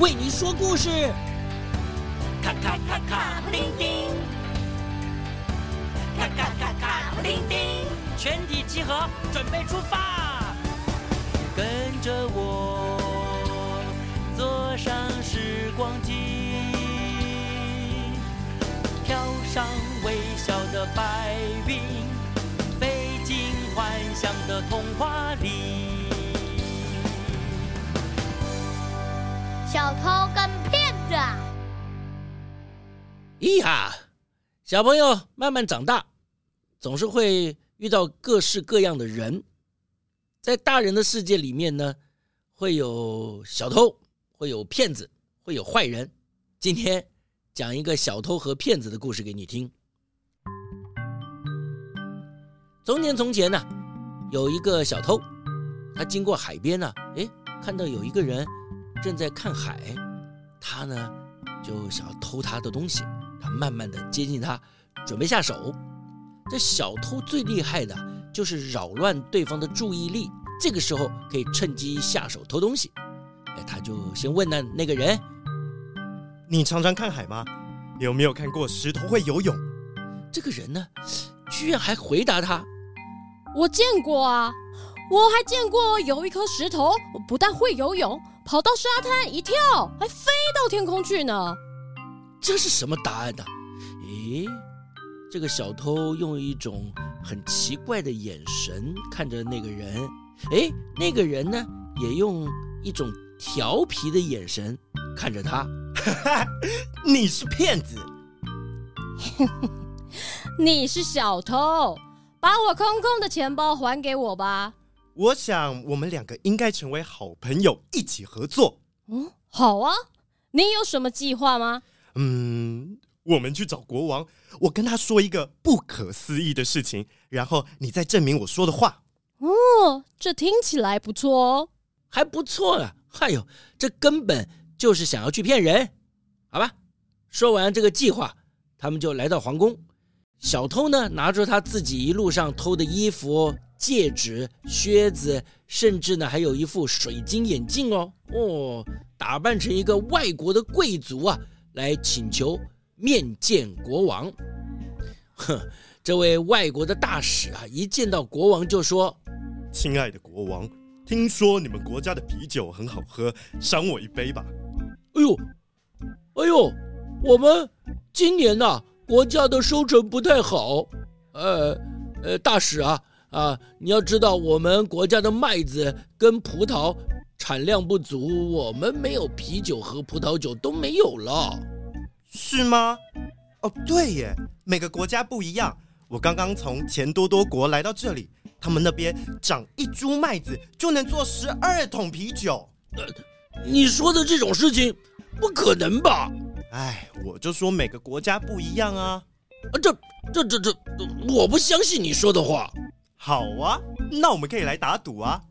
為你說故事，卡卡卡卡，丁丁，卡卡卡卡，丁丁，全體集合，準備出發。跟着我，坐上時光機，飄上微笑的白雲，飛進幻想的童話裡。小偷跟騙子。咿呀，小朋友慢慢長大，總是會遇到各式各樣的人。在大人的世界裡面呢，會有小偷，會有騙子，會有壞人。今天講一個小偷和騙子的故事給你聽。從前從前呢，有一個小偷，他經過海邊呢，哎，看到有一個人，正在看海，他呢就想要偷他的東西，他慢慢的接近他，準備下手。這小偷最厲害的就是擾亂對方的注意力，這個時候可以趁機下手偷東西。哎，他就先問那那個人，你常常看海嗎？有沒有看過石頭會游泳？這個人呢，居然還回答他，我見過啊，我還見過有一顆石頭我不但會游泳。跑到沙灘一跳，還飛到天空去呢？這是什麼答案呢、啊？誒，這個小偷用一種很奇怪的眼神看着那個人，誒，那個人呢，也用一種調皮的眼神看着他。哈哈，你是騙子， 你是小偷，把我空空的錢包還給我吧。我想，我們兩個應該成為好朋友，一起合作。嗯，好啊。你有什麼計劃嗎？嗯，我們去找國王，我跟他說一個不可思議的事情，然後你再證明我說的話。哦，這聽起來不錯哦，還不錯啊。還、哎、有這根本就是想要去騙人，好吧？說完這個計劃，他們就來到皇宮。小偷呢，拿着他自己一路上偷的衣服。戒指、靴子，甚至呢，還有一副水晶眼鏡。哦哦，打扮成一個外國的貴族啊，來請求面見國王。哼，這位外國的大使啊，一見到國王就說：“親愛的國王，聽說你們國家的啤酒很好喝，賞我一杯吧。”哎呦，哎呦，我們今年吶、啊，國家的收成不太好。呃呃，大使啊。啊，你要知道，我們國家的麥子跟葡萄產量不足，我們沒有啤酒和葡萄酒都沒有了，是嗎？哦，對耶，每個國家不一樣。我剛剛從錢多多國來到這裡，他們那邊長一株麥子就能做十二桶啤酒。呃，你說的這種事情，不可能吧？哎，我就說每個國家不一樣啊！啊，這、這、這、這，我不相信你說的話。好啊，那我們可以來打賭啊。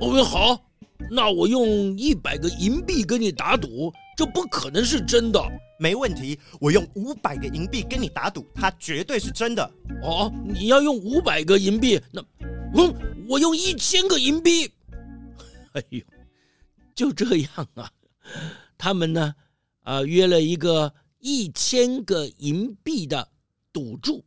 哦，好，那我用一百個銀幣跟你打賭，這不可能是真的。沒問題，我用五百個銀幣跟你打賭，它絕對是真的。哦，你要用五百個銀幣，那，嗯，我用一千個銀幣。 哎呦，就這樣啊。他們呢，啊、呃，約了一個一千個銀幣的賭注。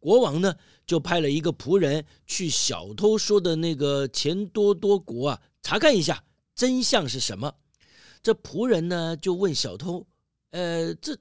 國王呢？就派了一個僕人去小偷說的那個錢多多國啊，查看一下真相是什麼。這僕人呢就問小偷：“呃，這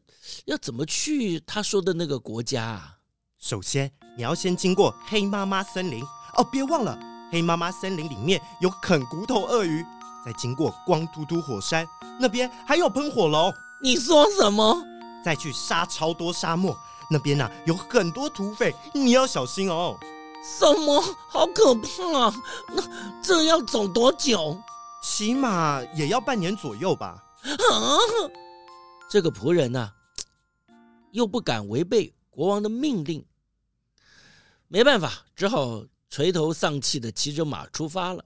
要怎麼去他說的那個國家啊？”首先你要先經過黑媽媽森林哦，別忘了黑媽媽森林裡面有啃骨頭鱷魚，再經過光禿禿火山，那邊還有噴火龍。你說什麼？再去殺超多沙漠。那邊吶，有很多土匪，你要小心哦。什麼？好可怕啊！那這要走多久？起碼也要半年左右吧。啊！這個僕人呢，又不敢違背國王的命令，沒辦法，只好垂頭喪氣的騎着馬出發了。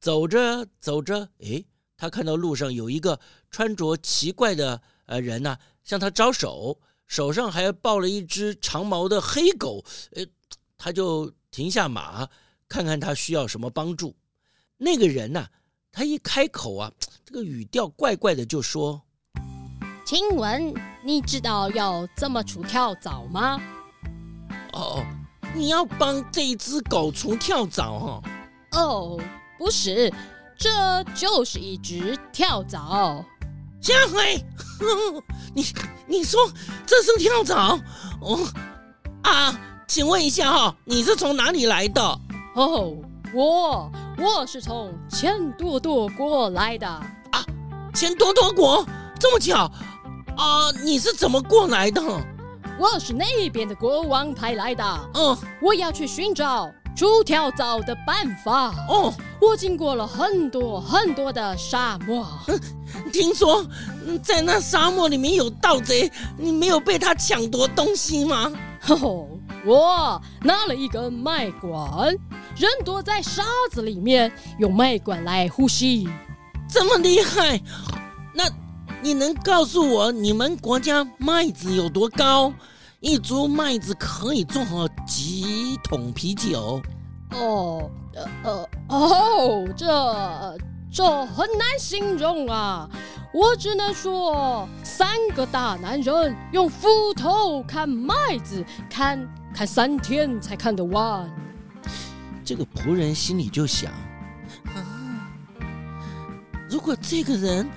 走着走着，哎，他看到路上有一個穿着奇怪的呃人呢，向他招手。手上還抱了一隻長毛的黑狗，呃，他就停下馬，看看他需要什麼幫助。那個人呢、啊，他一開口啊，這個語調怪怪的，就說：“請問你知道要怎麼除跳蚤嗎？”哦，你要幫這隻狗除跳蚤哈？哦，不是，這就是一隻跳蚤。黑哼，你你說這是跳蚤哦啊？請問一下哈、哦，你是從哪裡來的？哦、oh，我我是從錢多多國來的啊，錢多多國，這麼巧啊？你是怎麼過來的？我是那邊的國王派來的，嗯，我要去尋找。除跳蚤的辦法哦，我經過了很多很多的沙漠，聽說在那沙漠裡面有盜賊，你沒有被他搶奪東西嗎？哦，我拿了一根麥管，人躲在沙子裡面，用麥管來呼吸。這麼厲害？那你能告訴我你們國家麥子有多高？一株麥子可以種好幾桶啤酒哦，呃呃哦，這這很難形容啊！我只能說，三個大男人用斧頭砍麥子，砍砍三天才砍得完。這個僕人心裡就想：嗯，如果這個人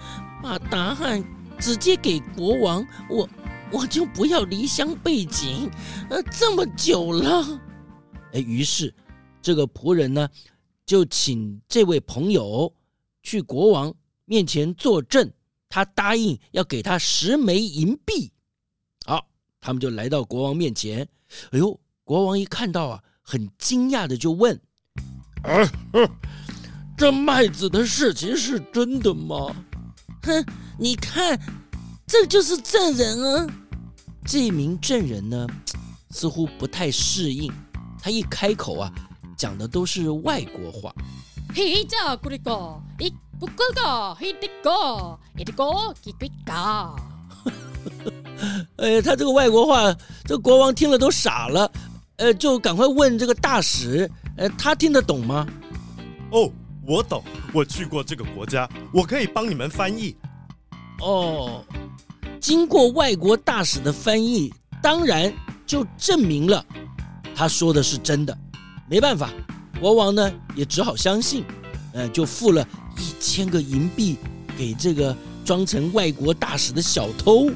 把答案直接給國王，我。我就不要離鄉背井，呃，這麼久了。哎，於是這個僕人呢，就請這位朋友去國王面前作證，他答應要給他十枚銀幣。好，他們就來到國王面前。哎呦，國王一看到啊，很驚訝的就問：“啊、哎哎，這麥子的事情是真的嗎？”哼，你看。這就是證人啊！這名證人呢，似乎不太適應。他一開口啊，講的都是外國話。嘿，嘿呃、啊，他這個外國話，這個、國王聽了都傻了。呃、哎，就趕快問這個大使，呃、哎，他聽得懂嗎？哦，我懂，我去過這個國家，我可以幫你們翻譯。哦。經過外國大使的翻譯，當然就證明了，他說的是真的。沒辦法，國王呢也只好相信，嗯、呃，就付了一千個銀幣給這個裝成外國大使的小偷。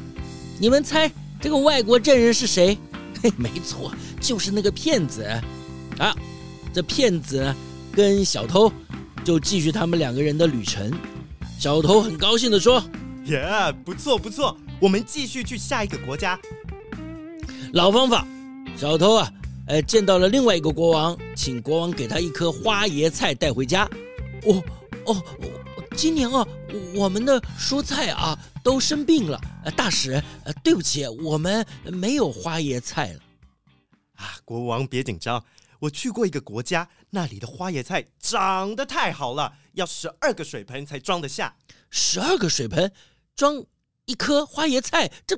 你們猜這個外國證人是誰？嘿，沒錯，就是那個騙子啊！這騙子跟小偷就繼續他們兩個人的旅程。小偷很高興地說：“耶、yeah，不錯不錯。”我們繼續去下一個國家。老方法，小偷啊，呃，見到了另外一個國王，請國王給他一顆花椰菜帶回家。哦哦，今年啊，我們的蔬菜啊都生病了。呃，大使，呃，對不起，我們沒有花椰菜了。啊，國王別緊張，我去過一個國家，那裡的花椰菜長得太好了，要十二個水盆才裝得下。十二個水盆裝。一顆花椰菜，這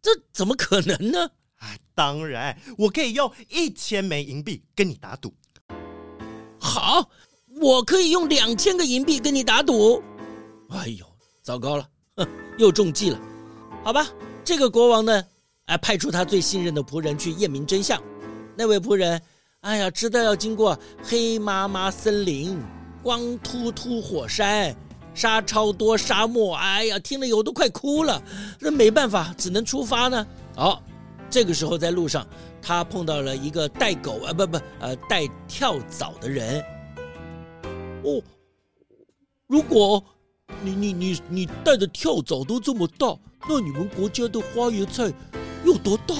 這怎麼可能呢？哎，當然，我可以用一千枚銀幣跟你打賭。好，我可以用兩千個銀幣跟你打賭。哎呦，糟糕了，哼、嗯，又中計了。好吧，這個國王呢，哎，派出他最信任的僕人去驗明真相。那位僕人，哎呀，知道要經過黑媽媽森林、光禿禿火山。沙超多沙漠，哎呀，聽了以後，都快哭了。那沒辦法，只能出發呢。好、哦，這個時候在路上，他碰到了一個帶狗啊，不、呃、不，呃，帶跳蚤的人。哦，如果你你你你帶的跳蚤都這麼大，那你們國家的花椰菜有多大？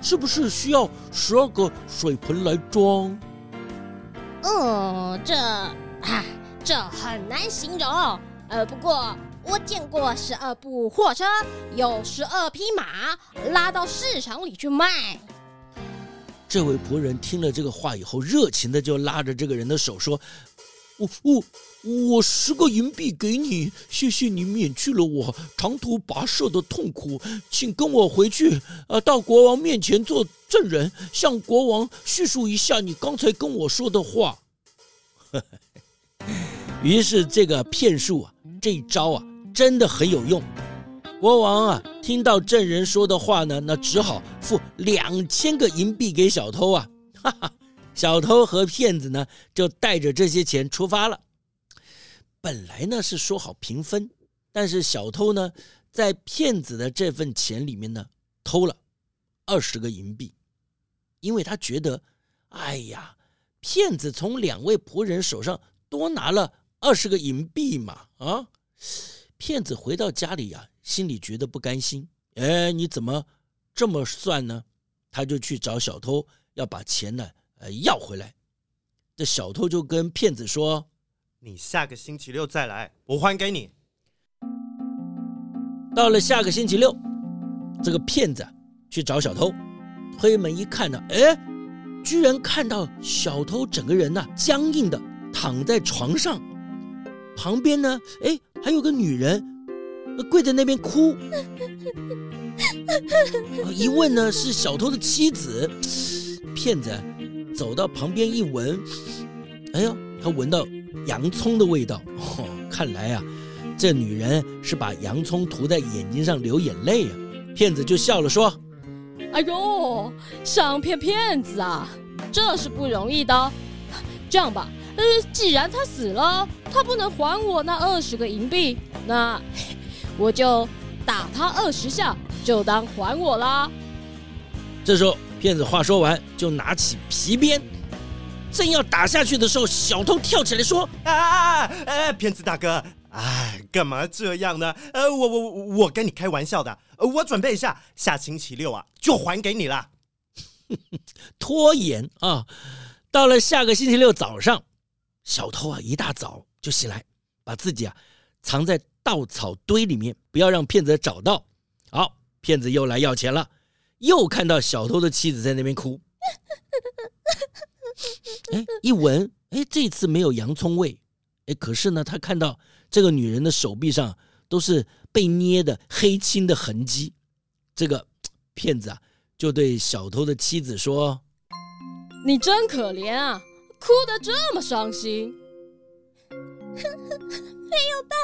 是不是需要十二個水盆來裝？哦，這啊。這很難形容，呃，不過我見過十二部貨車，有十二匹馬拉到市場裡去賣。這位僕人聽了這個話以後，熱情的就拉着這個人的手說：“我我我十個銀幣給你，謝謝你免去了我長途跋涉的痛苦，請跟我回去，呃、啊，到國王面前做證人，向國王敘述一下你剛才跟我說的話。 ”於是這個騙術啊，這一招啊，真的很有用。國王啊，聽到證人說的話呢，那只好付兩千個銀幣給小偷啊。哈哈，小偷和騙子呢，就帶着這些錢出發了。本來呢，是說好平分，但是小偷呢，在騙子的這份錢裡面呢，偷了二十個銀幣，因為他覺得，哎呀，騙子從兩位僕人手上多拿了。二十個銀幣嘛，啊！騙子回到家裡呀、啊，心裡覺得不甘心。哎，你怎麼這麼算呢？他就去找小偷，要把錢呢、啊，呃，要回來。這小偷就跟騙子說：“你下個星期六再來，我還給你。”到了下個星期六，這個騙子、啊、去找小偷，推門一看呢、啊，哎，居然看到小偷整個人呢、啊，僵硬的躺在床上。旁邊呢，哎，還有個女人，跪在那邊哭。一問呢，是小偷的妻子。騙子走到旁邊一聞，哎呦，他聞到洋蔥的味道。哦，看來啊，這女人是把洋蔥塗在眼睛上流眼淚呀啊。騙子就笑了，說：“哎呦，想騙騙子啊，這是不容易的。這樣吧，呃，既然他死了。”他不能還我那二十個銀幣，那我就打他二十下，就當還我啦。這時候，騙子話說完，就拿起皮鞭，正要打下去的時候，小偷跳起來說：“啊啊啊！啊、騙子大哥，哎，幹嘛這樣呢？呃、啊，我我我跟你開玩笑的，我準備一下，下星期六啊就還給你啦。 ”拖延啊，到了下個星期六早上，小偷啊一大早。就起來，把自己啊藏在稻草堆裡面，不要讓騙子找到。好，騙子又來要錢了，又看到小偷的妻子在那邊哭。哎，一聞，哎，這次沒有洋蔥味。哎，可是呢，他看到這個女人的手臂上都是被捏的黑青的痕跡。這個騙子啊，就對小偷的妻子說：“你真可憐啊，哭得這麼傷心。”呵呵，沒有辦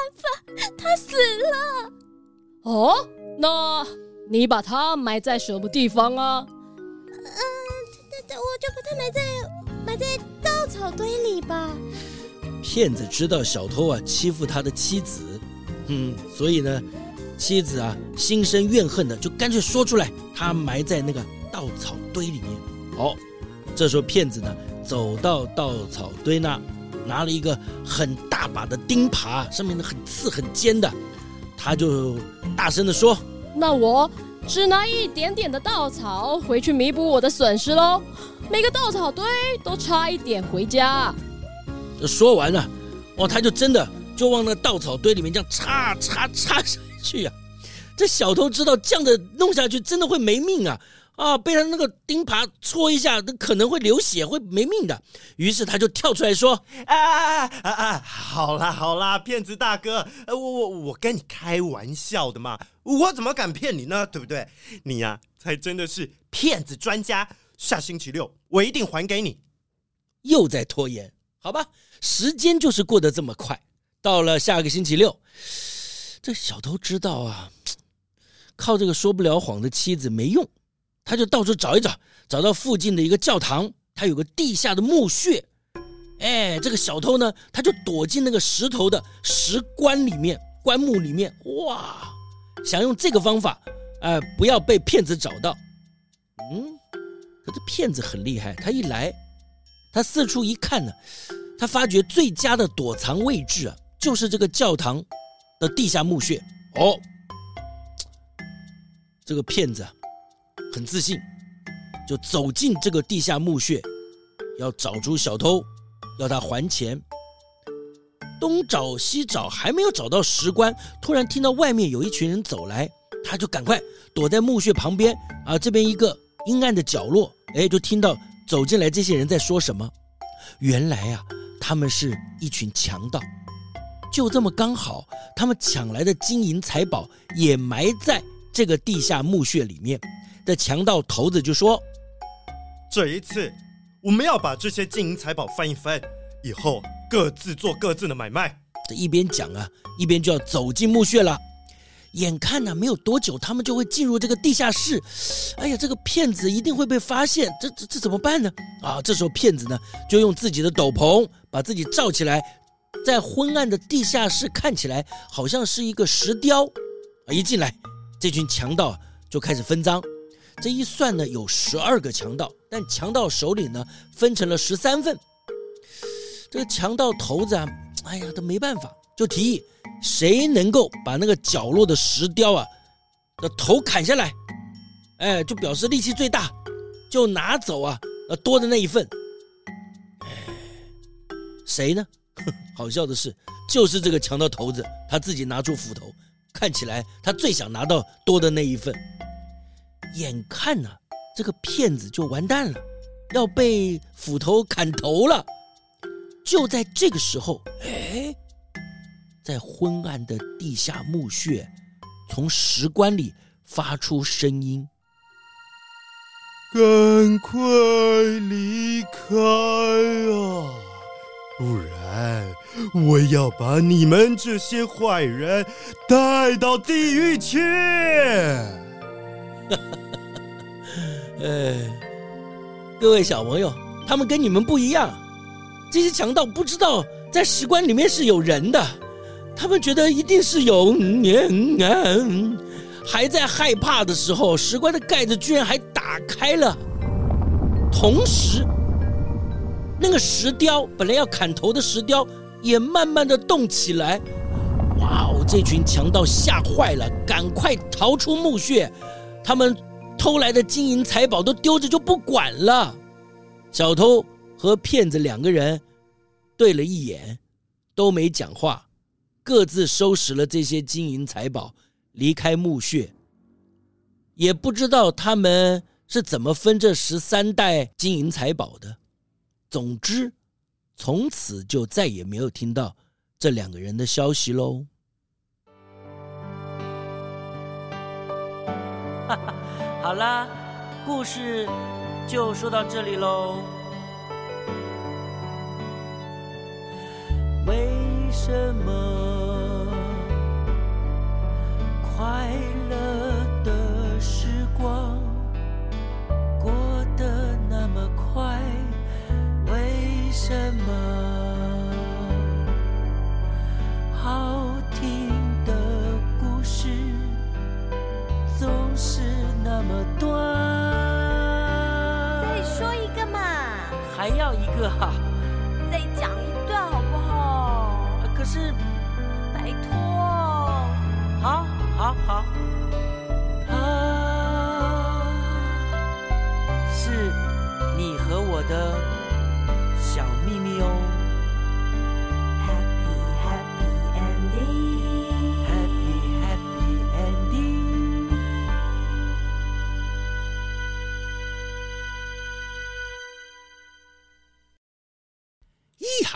法，他死了。哦，那你把他埋在什麼地方啊？嗯，我就把他埋在埋在稻草堆裡吧。騙子知道小偷啊欺負他的妻子，嗯，所以呢，妻子啊心生怨恨的，就乾脆說出來，他埋在那個稻草堆裡面。哦，這時候騙子呢走到稻草堆那，拿了一個很大把的釘耙，上面的很刺很尖的，他就大聲的說：“那我只拿一點點的稻草回去彌補我的損失嘍，每個稻草堆都插一點回家。”說完了，哦，他就真的就往那稻草堆裡面這樣插插插上去呀、啊。這小偷知道這樣的弄下去真的會沒命啊！啊！被他那個釘耙戳一下，都可能會流血，會沒命的。於是他就跳出來說：“啊啊啊啊！好啦好啦，騙子大哥，我我我跟你開玩笑的嘛，我怎麼敢騙你呢？對不對？你呀，啊，才真的是騙子專家。下星期六我一定還給你。”又在拖延，好吧？時間就是過得這麼快。到了下個星期六，這小偷知道啊，靠這個說不了謊的妻子沒用。他就到處找一找，找到附近的一個教堂，他有個地下的墓穴。哎，這個小偷呢，他就躲進那個石頭的石棺裡面、棺木裡面。哇，想用這個方法，哎、呃，不要被騙子找到。嗯，可這騙子很厲害，他一來，他四處一看呢，他發覺最佳的躲藏位置啊，就是這個教堂的地下墓穴。哦，這個騙子、啊。很自信，就走進這個地下墓穴，要找出小偷，要他還錢。東找西找，還沒有找到石棺，突然聽到外面有一群人走來，他就趕快躲在墓穴旁邊啊，這邊一個陰暗的角落，哎，就聽到走進來這些人在說什麼。原來呀，他們是一群強盜，就這麼剛好，他們搶來的金銀財寶也埋在這個地下墓穴裡面。這強盜頭子就說：“這一次，我們要把這些金銀財寶翻一翻，以後各自做各自的買賣。”這一邊講啊，一邊就要走進墓穴了。眼看呢，啊，沒有多久，他們就會進入這個地下室。哎呀，這個騙子一定會被發現，這這這怎麼辦呢？啊，這時候騙子呢，就用自己的斗篷把自己罩起來，在昏暗的地下室看起來好像是一個石雕啊。一進來，這群強盜就開始分贓。這一算呢，有十二個強盜，但強盜手裡呢，分成了十三份。這個強盜頭子啊，哎呀，都沒辦法，就提議誰能夠把那個角落的石雕啊的頭砍下來，哎，就表示力氣最大，就拿走啊，多的那一份。哎，誰呢？哼，好笑的是，就是這個強盜頭子，他自己拿出斧頭，看起來他最想拿到多的那一份。眼看呢、啊，這個騙子就完蛋了，要被斧頭砍頭了。就在這個時候，哎，在昏暗的地下墓穴，從石棺裡發出聲音：“趕快離開啊，不然我要把你們這些壞人帶到地獄去。”呃、 哎，各位小朋友，他們跟你們不一樣。這些強盜不知道在石棺裡面是有人的，他們覺得一定是有，嗯嗯嗯、還在害怕的時候，石棺的蓋子居然還打開了。同時，那個石雕本來要砍頭的石雕也慢慢的動起來。哇哦，這群強盜嚇壞了，趕快逃出墓穴。他們偷來的金銀財寶都丟着，就不管了。小偷和騙子兩個人對了一眼，都沒講話，各自收拾了這些金銀財寶，離開墓穴。也不知道他們是怎麼分這十三袋金銀財寶的。總之，從此就再也沒有聽到這兩個人的消息嘍。好啦，故事就說到這裡嘍。為什麼快樂？